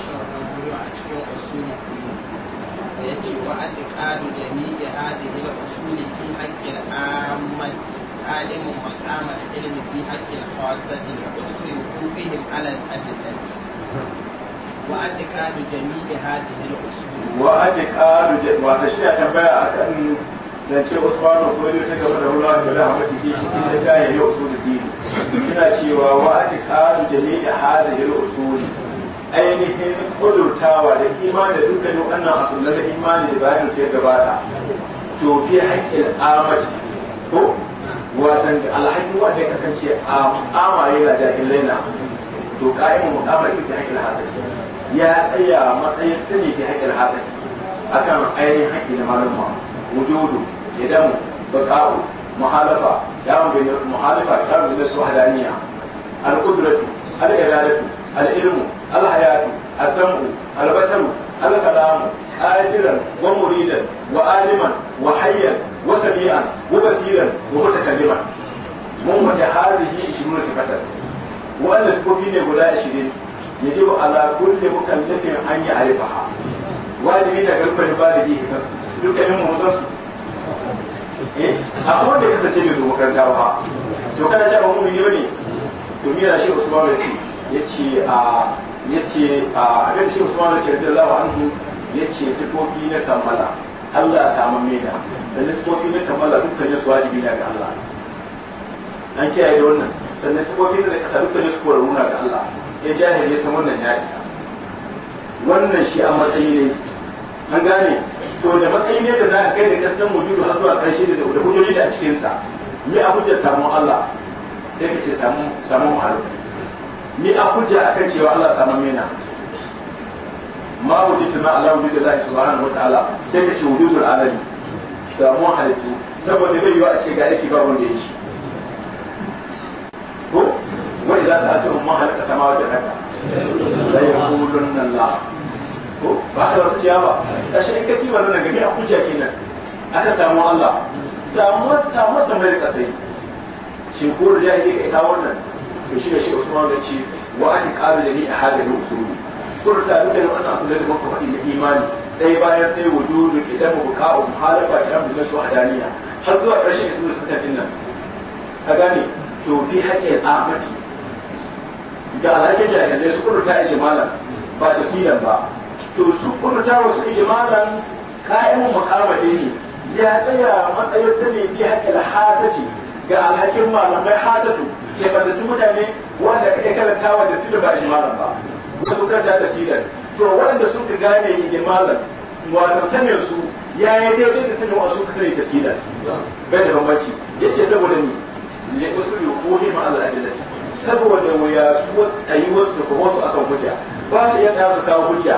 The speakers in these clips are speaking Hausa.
sharruwa a cikin usulul ulum da yace wa atiqadu jami'i hadhihi al-usul fi haqqi al-ammat عالم مقام العلم في حق الخاصة لحسن وقوفهم على الأدلة وأعتقاد جميع هذه الأصول وأعتقاد وتشريع تنبأ أكن dan ce Usman Usmani ta gaba da ruwa da rahmatu fi shi da jaye ya usul dini ina cewa wa atiqadu jami'i hadhihi al-usul ainihin kudurtawa da imani da dukkanin wannan asumna da imani da bayan ke gabata to bi haƙƙin amaji ko watan alhaki wanda ya kasance a amaye da jahilai laina to kayan mukamar bi haƙƙin hasaki ya tsaya matsayin sani bi haƙƙin hasaki akan ainihin haƙƙi na malama wujudu idan baka'u muhalafa ya mu muhalafa ta mu da su hadaniya al-qudratu al-iradatu العلم الحياة السمع البشر الكلام آجلا ومريدا وآلما وحيا وسميعا وبصيرا ومتكلما mun faɗi halihi ishirin sifatan wannan sifofi ne guda ishirin ya ji wa ala kulle mukallafin an yi arifaha wajibi na garfar baligi ka san su dukkanin mu san su eh akwai wanda kasance bai usman ya yace a yace a dan shi Usman radiyallahu anhu yace sifofi na kammala Allah ya samu mena da sifofi na kammala dukkan su wajibi ne ga Allah an kiyaye da wannan sannan sifofi da ka dukkan su koraru na ga Allah ya jahili san wannan ya isa wannan shi a matsayi ne an gane to da matsayi ne da za ka kai da kasan mujudu har zuwa karshe da da hujjoji da a cikin sa ni a hujjar samu Allah sai ka ce samu samu mahalukai ni a a akan cewa Allah samu mena ma wujita ma Allah wujita Allah subhanahu wataala sai ka ce wujudul alami samu halittu saboda bai yiwa a ce ga yake babu wanda ya shi ko wa idza sa'atu umma halaka haka wa ya la nan la ko ba ka wasu ciyawa a shi in ka kiwa nan gani a hujja kenan aka samu Allah samu samu samar kasai shi ko da jahili ka ita wannan to shi da shi usman da ce wa an qabil ni a hadal usuli kullu da dukkan wannan asulai da muka faɗi da imani dai bayan dai wujudu idan mu ka um halafa ta mu su hadaniya har zuwa ƙarshen su su ta dinnan a gane to bi haƙƙin ahmadi ga alhakin jahilai su kullu ta malam ba ta tafsiran ba to su kullu ta wasu ijmalan kayan mukamade ne ya tsaya matsayin sani bi haƙƙin hasati ga alhakin malamai hasatu ke su mutane wanda kake karantawa da su da ba ijimalan ba wasu ta da shidan to wanda sun ka gane ijimalan wata sanin su ya yi daidai da sanin wasu kare sani ta shidan bai da bambanci yace saboda ni ne yi ko ma Allah adillati saboda waya su wasu ayi wasu da kuma wasu aka hujja ba su iya tsaya su kawo hujja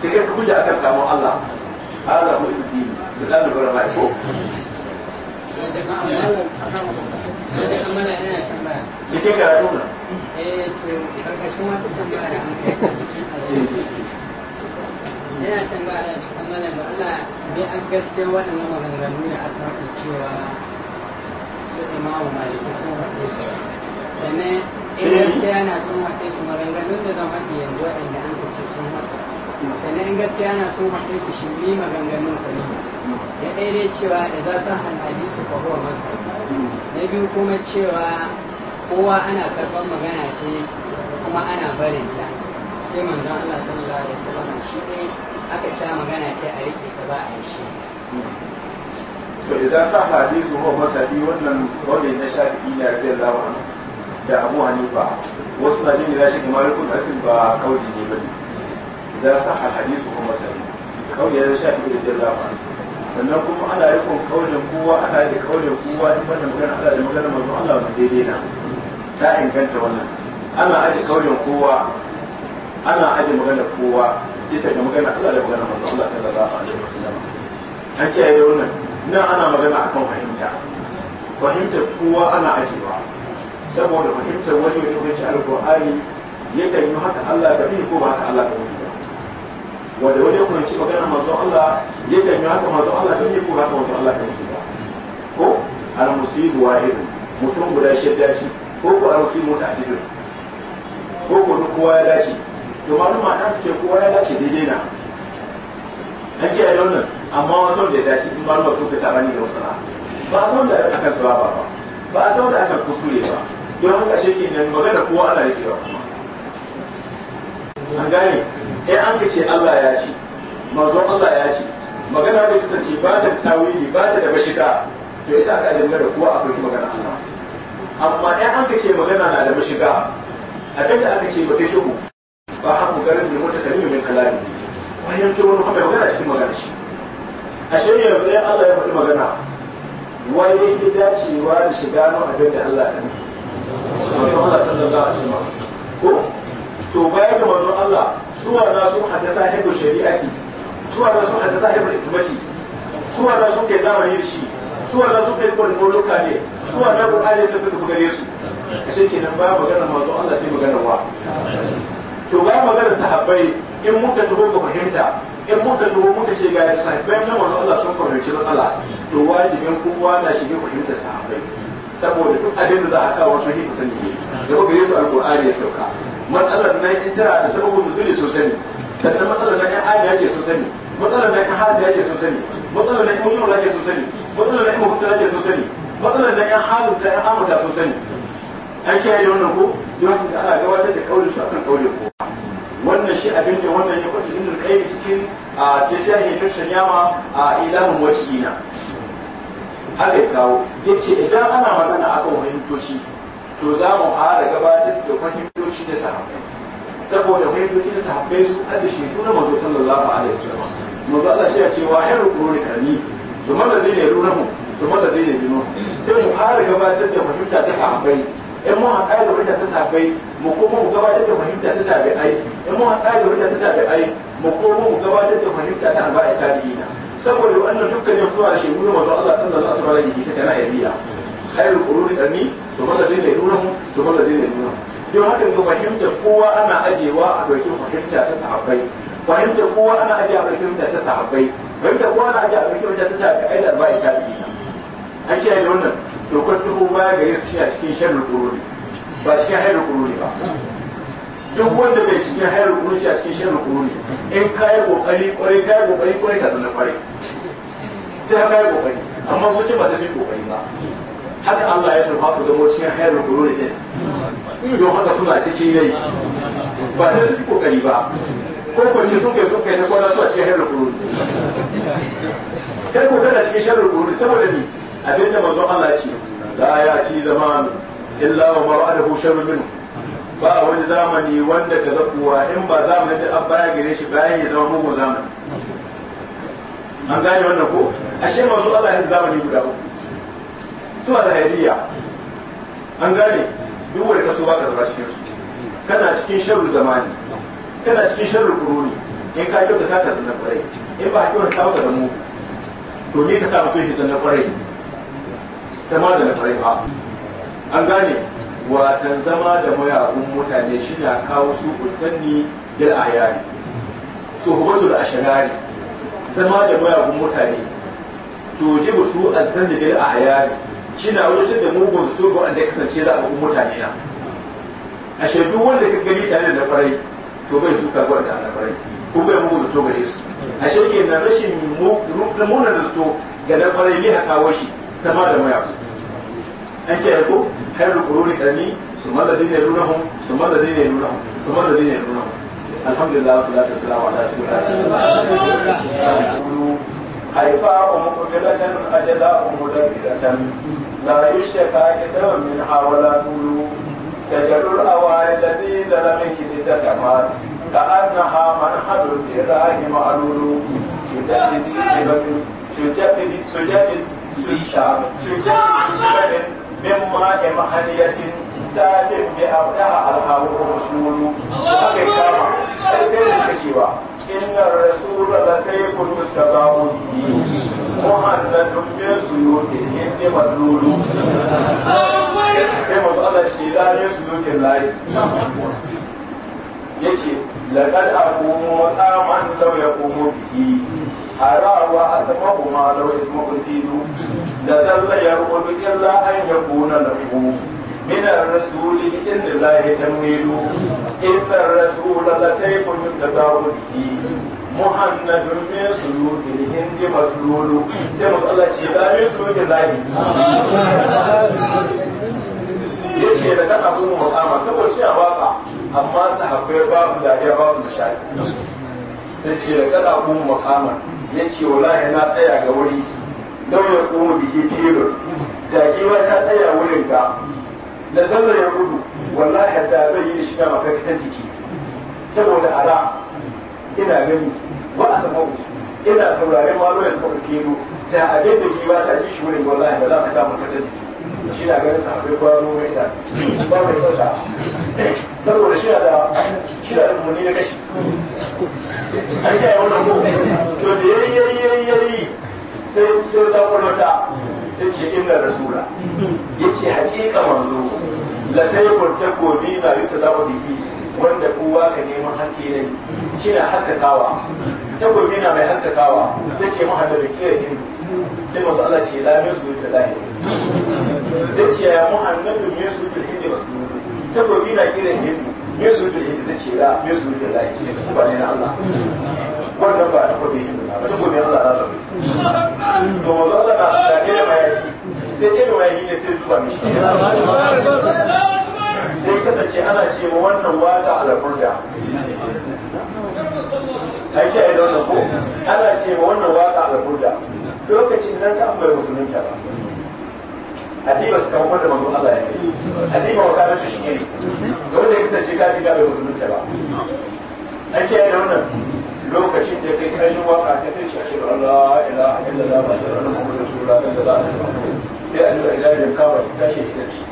sai kai hujja akan samun Allah Allah mu ibdini su da lura mai ko cikin karatu na eh to karkashin wata tambaya da an kai yana tambaya da kamala da Allah bai an gaske waɗannan maganganu da aka faɗi cewa su imamu maliki sun faɗe su sannan in gaskiya na sun faɗe su maganganun da zan faɗi yanzu waɗanda an kace sun faɗe sannan in gaskiya na so mutum su shiri maganganun ka ne ya ɗaya cewa da za san alhadi su faruwa masa na biyu kuma cewa kowa ana karɓar magana ce kuma ana barin ta sai manzon Allah sallallahu alaihi wasallam shi ne aka ci magana ce a rike ta ba a yi shi to idan sa hadisu ko masadi wannan kawai na shafi'i ne radiyallahu lawan da Abu Hanifa wasu na jin da shi kamar kun asin ba kauli ne bane إذا a الحديث kuma مسلم قول sannan kuma ana rikon kaulin kowa ana da kaulin kowa in wannan magana ana da magana Allah su daidai na ta inganta wannan ana aje kowa ana aje magana kowa da magana Allah da magana Allah an kiyaye da wannan nan ana magana fahimta fahimtar kowa ana ajewa saboda fahimtar wani wani alƙur'ani yakan yi haka Allah ka bi ko ba haka Allah ka bi wanda wani kuma ci magana manzon Allah ya tanyo haka manzon Allah don yi kuka haka manzon Allah ta yi ba ko al-musib wahid mutum guda shi dace ko ko al-musib muta'addid ko ko kowa ya dace to ma ta ce kowa ya dace daidai na an kiyaye nan, amma wasu da ya dace in maluma su ka sabani da wasu ba san da akan sababa ba ba san da aka kuskure ba don haka shi ke nan magana kowa ana yake ba an gane in eh, an ka ce Allah ya ce manzon Allah ya ce magana da kasance ba ta tawili ba ta da mashiga to ita aka ajiyar da kowa akwai magana Allah amma in an ka ce magana na da mashiga abinda aka ce ba take ku ba ha garin da mutakallimi min kalami bayan to wani kuma magana cikin magana shi a shirya da Allah ya faɗi magana wani ya dacewa da shiga nan abin da Allah ya nufi. ko to bayan da manzon Allah suwa na sun haddasa hibul shari'ati suwa na sun haddasa hibul ismati suwa na sun kai zamani da shi suwa na sun kai kurin muluka ne suwa na qur'ani sun fito gare su ashe kenan ba magana manzo Allah sai magana wa to ba magana sahabbai in muka taho ka fahimta in muka taho muka ce ga sahabbai na manzo Allah sun fahimci don Allah to wajibin kowa na shige fahimta sahabbai saboda duk abin da za a kawo sun yi sani ne da kuma gare su alqur'ani ya sauka matsalar na yin tara da sababin nuzuli sosai ne sannan matsalar na in amiya ce sosai ne matsalar na in hasiya ce sosai ne matsalar na in da ce sosai ne matsalar na in da ce sosai ne matsalar na in ta in amurta sosai ne an kiyaye da wannan ko yau da ana gabatar da kauri su kan kauri ko wannan shi abin da wannan ya kwace inda kai cikin a tafiya ne tushen yama a ilamin wata ina haka ya kawo ya ce idan ana magana akan fahimtoci to za mu fara gabatar da fahimtoci da sahabbai saboda fahimtoci da sahabbai su kada shekaru na manzo sallallahu alaihi wasallam manzo Allah shi ya ce wa hayru quruni karni su madadi ne runahu su madadi ne binu sai mu fara gabatar da fahimta ta sahabbai in mun haɗa da hujja ta sahabbai mu koma mu gabatar da fahimta ta tabi'ai in mun haɗa da hujja ta tabi'ai mu koma mu gabatar da fahimta ta arba'a tabi'ina saboda wannan dukkanin suwa da shekaru manzo Allah sallallahu alaihi wasallam ta kana biya. khairul quruni qarni su masa dai ne nuna su masa dai ne nuna don haka ga fahimta kowa ana ajewa a dokin fahimta ta sahabbai fahimta kowa ana ajiye a dokin fahimta ta sahabbai fahimta kowa ana ajiye a dokin fahimta ta tabi'ai da arba'i tabi'ina an kiyaye wannan to kwantuhu baya gare su a cikin sharrul quruni ba cikin khairul quruni ba duk wanda bai cikin hayar kunci a cikin shirin kunci in ka yi kokari kwarai ka yi kokari kwarai ka zama kwarai sai ka yi kokari amma zuciya ba ta fi kokari ba haka Allah ya turfa su zama cikin hayar gururi din don haka suna ciki ne ba ta su fi kokari ba ko kwanci sun kai sun kai na kwana su a cikin hayar gururi kai ko kana cikin sharar gururi saboda ni abinda mazo Allah ce la ya ci zaman illa wa mar'adahu sharrun minhu ba wani zamani wanda ka zakuwa in ba zamanin da abba ya gare shi bayan ya zama mugun zamani an gane wannan ko ashe masu Allah ya zamani guda uku zuwa jahiliya an gane duk wanda kaso ba ka zama cikin su kana cikin sharru zamani kana cikin sharru kuruni in ka kyauta ta ka zanna kwarai in ba kyauta ta baka zamu to ne ka sa mutum shi zanna kwarai zama da na kwarai ba an gane watan zama da mayagun mutane shi na kawo su kuntanni da ayari so da ashirari zama da mayagun mutane to jibu su zan da a hayari shi na wajen da mugun zato ga wanda kasance za a mutane na a shaidu wanda ka gani tare da farai to bai suka ga wanda na farai ko bai mugun zato gare su a shirke na rashin da zato ga na farai ne haka washi sama da maya an ce ko har da kuro ne karni su mada zai ne nuna hun su mada zai ne nuna hun su mada zai ne nuna hun alhamdulillah salatu wassalamu ala rasulillah haifa wa mu'minatan ajza'u mudabbiratan لا يشتكى كسر منها ولا طول تجر الأوائل التي زلمك لتسمى كأنها منحد الإله معلول سجد بسبب سجد سجد سجد بسبب من ماء محلية سالم بأبدها الهواء مشلول وبكرة سجد سجيوة inna rasul la sayyidul mustaqabul muhannadun min suyutin hindi mazlulu sai mazu Allah shi da ne suyutin lai yace laqad aqumu aman law yaqumu bihi ara wa asmahu ma law ismuhu tidu la zalla yarqudu illa an yakuna lahu من الرسول إن الله تمويل إن الرسول لسيف يتباع به محمد من سلوك الهند مسلول سيما الله تشيبا من سلوك الله yace da kan abu mu'amma saboda shi a baka amma sahabbai ba su dariya ba su nishadi sai ce da kan abu mu'amma yace wallahi na tsaya ga wuri don ya kuma biki filin da kiwa ta tsaya wurin ta. da zalla ya gudu wallahi da zai yi shiga fitan jiki saboda ara ina gani sama asma'u ina sauraren malo ya saboda kero da abin da giwa ta ji shi wurin wallahi ba za ka ta fitan jiki shi na ganin sahabbai gwano mai da ba mai fata saboda shi da shi da muni na kashi an yi wannan ko to da yayi yayi yayi sai sai ta kwalota sai ce inna rasula yace hakika manzo la sai kurtako bi na yuta da bihi wanda kowa ka neman hakki ne kina haskakawa takobi na mai haskakawa sai ce mu ke kira hindu sai manzo Allah ce la min da zahiri sai ce ya muhammadu min su da hindi wasu takobi na kira hindu min da hindi sai ce la min da zahiri ba ne na Allah wannan ba da kwabe shi ba ta gobe Allah za ta musu to mazo Allah na da ke da mayaki sai ke da yi ne sai zuwa mishi sai kasance ana ce ma wannan waka alfurda an kiyaye da wannan ko ana ce ma wannan waka alfurda lokacin nan ta ambaye musulunta ba Adiba su kawo wanda manzo Allah ya kai Adiba wa kana shi ne wanda ya kasance ka ji bai musulunta ba an kiyaye da wannan ƙarshen waka ta sai shi ashiru Allah ila ila da ba shi da nan kuma da da za a sai a nuna idan yin kawo shi tashi shi shi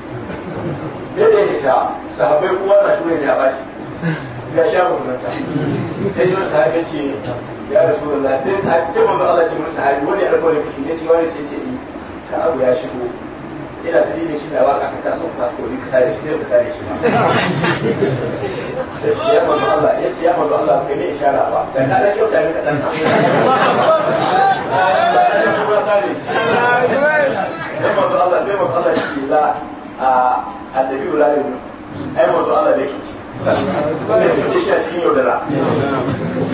sai da ita sahabbai kuma na shi ne ya shi. ya sha mutunta sai yi wasu sahabi ce ya rasu Allah sai sahabi sai manzo Allah ce mun sahabi wani ya rabu da kashi ne ce wani ce ce ni eh, ka abu ya shigo ina da shi da waka ka taso ka sa ko ni ka sare shi sai ka sare shi sai ce ya manzo Allah ya ce ya manzo Allah kai ne ishara ba da ka da kyauta ne kadan sai manzo Allah sai manzo Allah ya ce la annabi la yau ai manzo Allah da yake wannan fice shi a cikin yaudara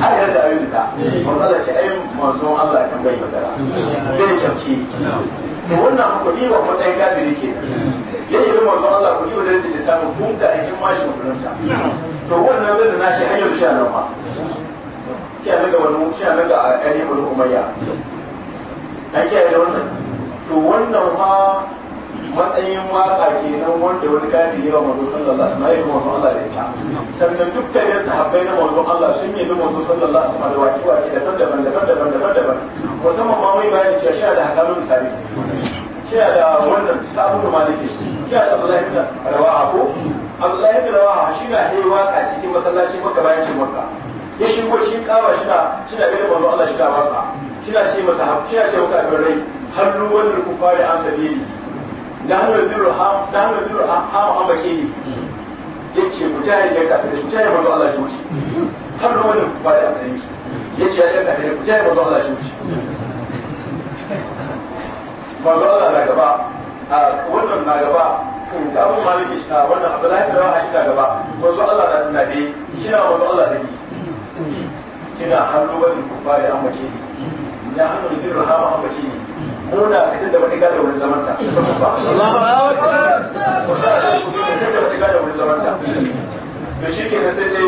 har yadda ayu da ta manzo Allah ce ai manzo Allah kan bai yaudara zai kyauci to wannan hakuri ba matsayin kafiri ke yayin manzo Allah ku yi da samun tun da ajin mashi mutunta to wannan zai da nashi hanyar shi nan ma shi a daga wani shi a daga a ɗari wani umayya na kiyaye da wannan to wannan ma matsayin waka kenan wanda wani kafi yawa manzo sallallahu alaihi wasallam ya manzo Allah da ita sannan dukkanin ya sahabbai na manzo Allah sun yi bi manzo sallallahu alaihi wasallam waki waki da daban daban daban daban daban daban musamman ma mai bayani cewa shi da hasanun misali shi da wannan ta abu maliki shi da Abdullahi ibn Rawaha ko abdullahi bin rawaha shi na yi waka cikin masallaci maka bayan ce maka ya shi ko shi kaba shi na shi na ganin manzo Allah shi na waka shi na ce masa haf shi na ce maka abin rai hannu wannan kufari an sabili da hannu bin rahama da hannu bin rahama an bake ni yace mujahid ya kafa da mujahid manzo Allah shi wuce hannu wannan kufari an sabili yace ya kafa ku mujahid manzo Allah shi wuce manzo Allah na gaba wannan na gaba Ka abu maliki shi na wannan abdullahi da rawa shi na gaba wanzu allah na nabi shi na wanzu allah zaki Ki na hannu wani kufari an wake ne ya hannu da jirin hama an wake ne muna fitar da wani gada wurin zamanta fitar da wani gada wurin zamanta to shi ke sai dai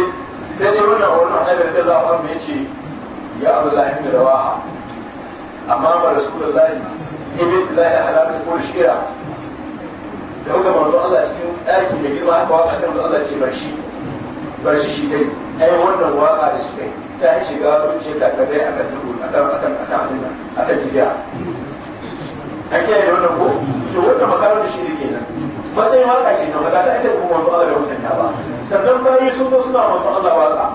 sai dai wannan wurin a tsarin da za a wani ya ce ya abdullahi da rawa amma ma rasulullahi ibn lahi halal ko shira da kuka manzo Allah cikin ɗaki da girma aka waka sai Allah ce bar shi bar shi shi kai ai wannan waka da shi kai ta yi shiga ce ta kadai a kan tudu a kan a a abin nan a kan jiya an kiyaye da wannan ko to wannan makarar da shi ne kenan matsayin waka kenan ba ta ta ita kuma manzo Allah da wasanta ba sannan bayi sun zo suna manzo Allah waka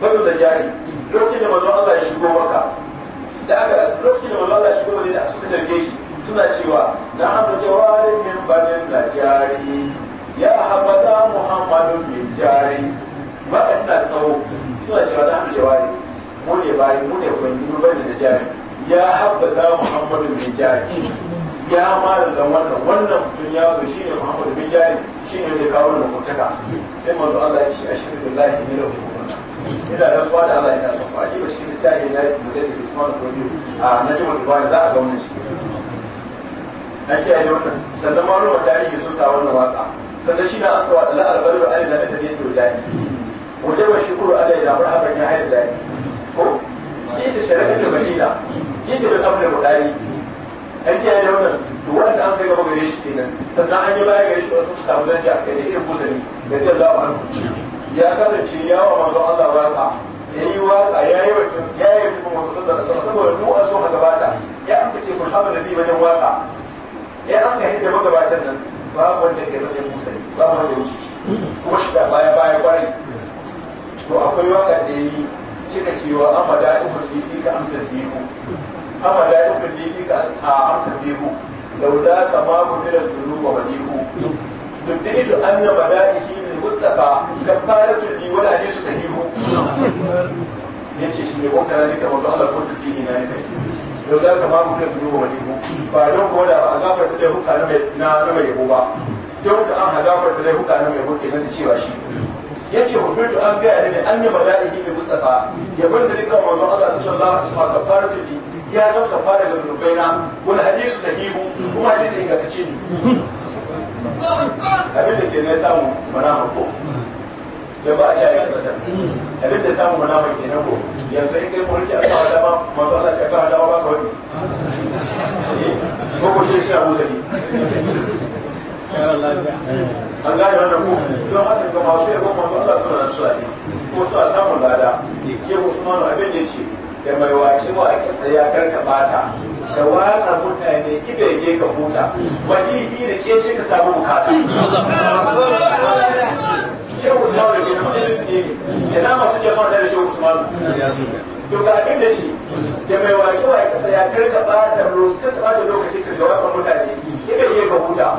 bazu da jari lokacin da manzo Allah ya shigo maka da aka lokacin da manzo Allah ya shigo muhammadu da jari ya habbasa muhammadu bin jari ya mara da wannan wannan mutum ya zo shi ne muhammadu bin jari shi ne da kawo da mutaka sai manzo Allah ya ce a shi da lahi ne da hukumar ina da rantsuwa da Allah ina son ba ji ba shi da tayi na yi da Usman Gori a na Najma Dubai za a ga wannan shi na kiyaye wannan sannan ma ruwa tarihi sun sa wannan waka sannan shi na aka wa Allah albaru alai da ta ne to dai wajen shukuru alai da marhaban ya haida dai jita sharafin da madina jita da kabla bukari an kiyaye da wannan to da an kai gaba gare shi kenan sannan an yi baya gare shi wasu samu zanci a kai da irin kuzari da zai zaɓa hannu ya kasance ya wa manzo Allah ka ya yi waka ya yi wa ya yi wa manzo sallallahu da wasallam saboda du'a so ka bata ya an kace kun haɓa nabi wajen waka ya an ka hidda magabatan nan babu wanda ke matsayin ne babu wanda ya wuce kuma shi da baya baya kwarai to akwai waka da ya yi cika cewa amma da ikon diki ka amsa biyu amma da ikon diki ka amsa biyu ka ma ku fi da da tunu ba wani ku duk mila dunuba wa diku dubbitu anna mada'ihi min mustafa kafaratu li wala hadisu ya ce shi ne ko kana ne kamar Allah ko diki na ne kai don za ka fi da tunu ba wani ku ba don ko da ba gafar da ya huka na mai yabo ba don ka an hagafar da ya huka na mai yabo kenan da cewa shi yace hukuntu an ga ne an yi mala'ihi bi mustafa ya bar da rika manzon Allah sallallahu alaihi wasallam kafaratu li ya zan kafara ga rubaina wal hadith sahihu kuma hadisi ingantacce ne abin da ke ne samu mana ko da ba a ci ta abin da samu mana mai kenan ko yanzu in kai mulki a kawo dama manzo Allah ya kawo dama ba ka wani eh, ko ko shi abu an gane wannan ku don haka ga masu yabo manzo Allah suna nan suna yi ko a samun lada ke musamman abin ya ce da mai wace wa a kisa ya karka bata da waƙar mutane ibe ge ka huta wani ki da ke shi ka samu bukata ke Usman da ke kudin ne ina masu ke son da shi Usman to ga abin da ce da mai wace wa a kisa ya karka bata lokacin ka ga waƙar mutane ibe ge ka huta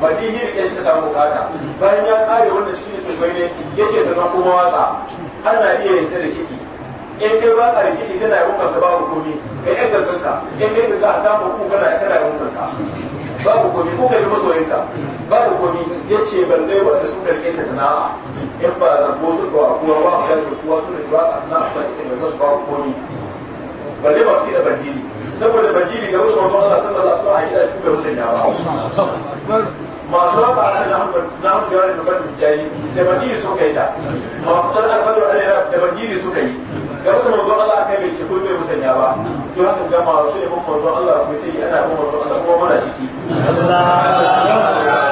ba ɗi yi ya shiga samu bukata bayan ya kare wanda cikin da tumbai ne ya ce zama kuma waka ana iya yin da kiɗi in kai ba ka da kiɗi tana yi ka babu komi ka yi ganganka in kai ganga a samu ku kana kana yi ganganka babu komi ko kai masoyinka babu komi ya ce balle wanda suka rike ta sana'a in ba da zango su ba kuwa ba a da kuwa su da kuwa a sana'a ba ita mai masu babu komi balle ba su da bandini saboda bandini ga wasu mamman Allah sallallahu alaihi wasallam a kira shi ga musulmi ba masu haka ala na hankali na hankali wani gaban tijjani da madini suka yi ta masu ɗan alfadu ala da madini suka yi ga wata manzo Allah kai mai ce ko bai musanya ba yi haka gama wasu masu yabon manzo Allah ko ta yi ana yabon manzo Allah kuma mana ciki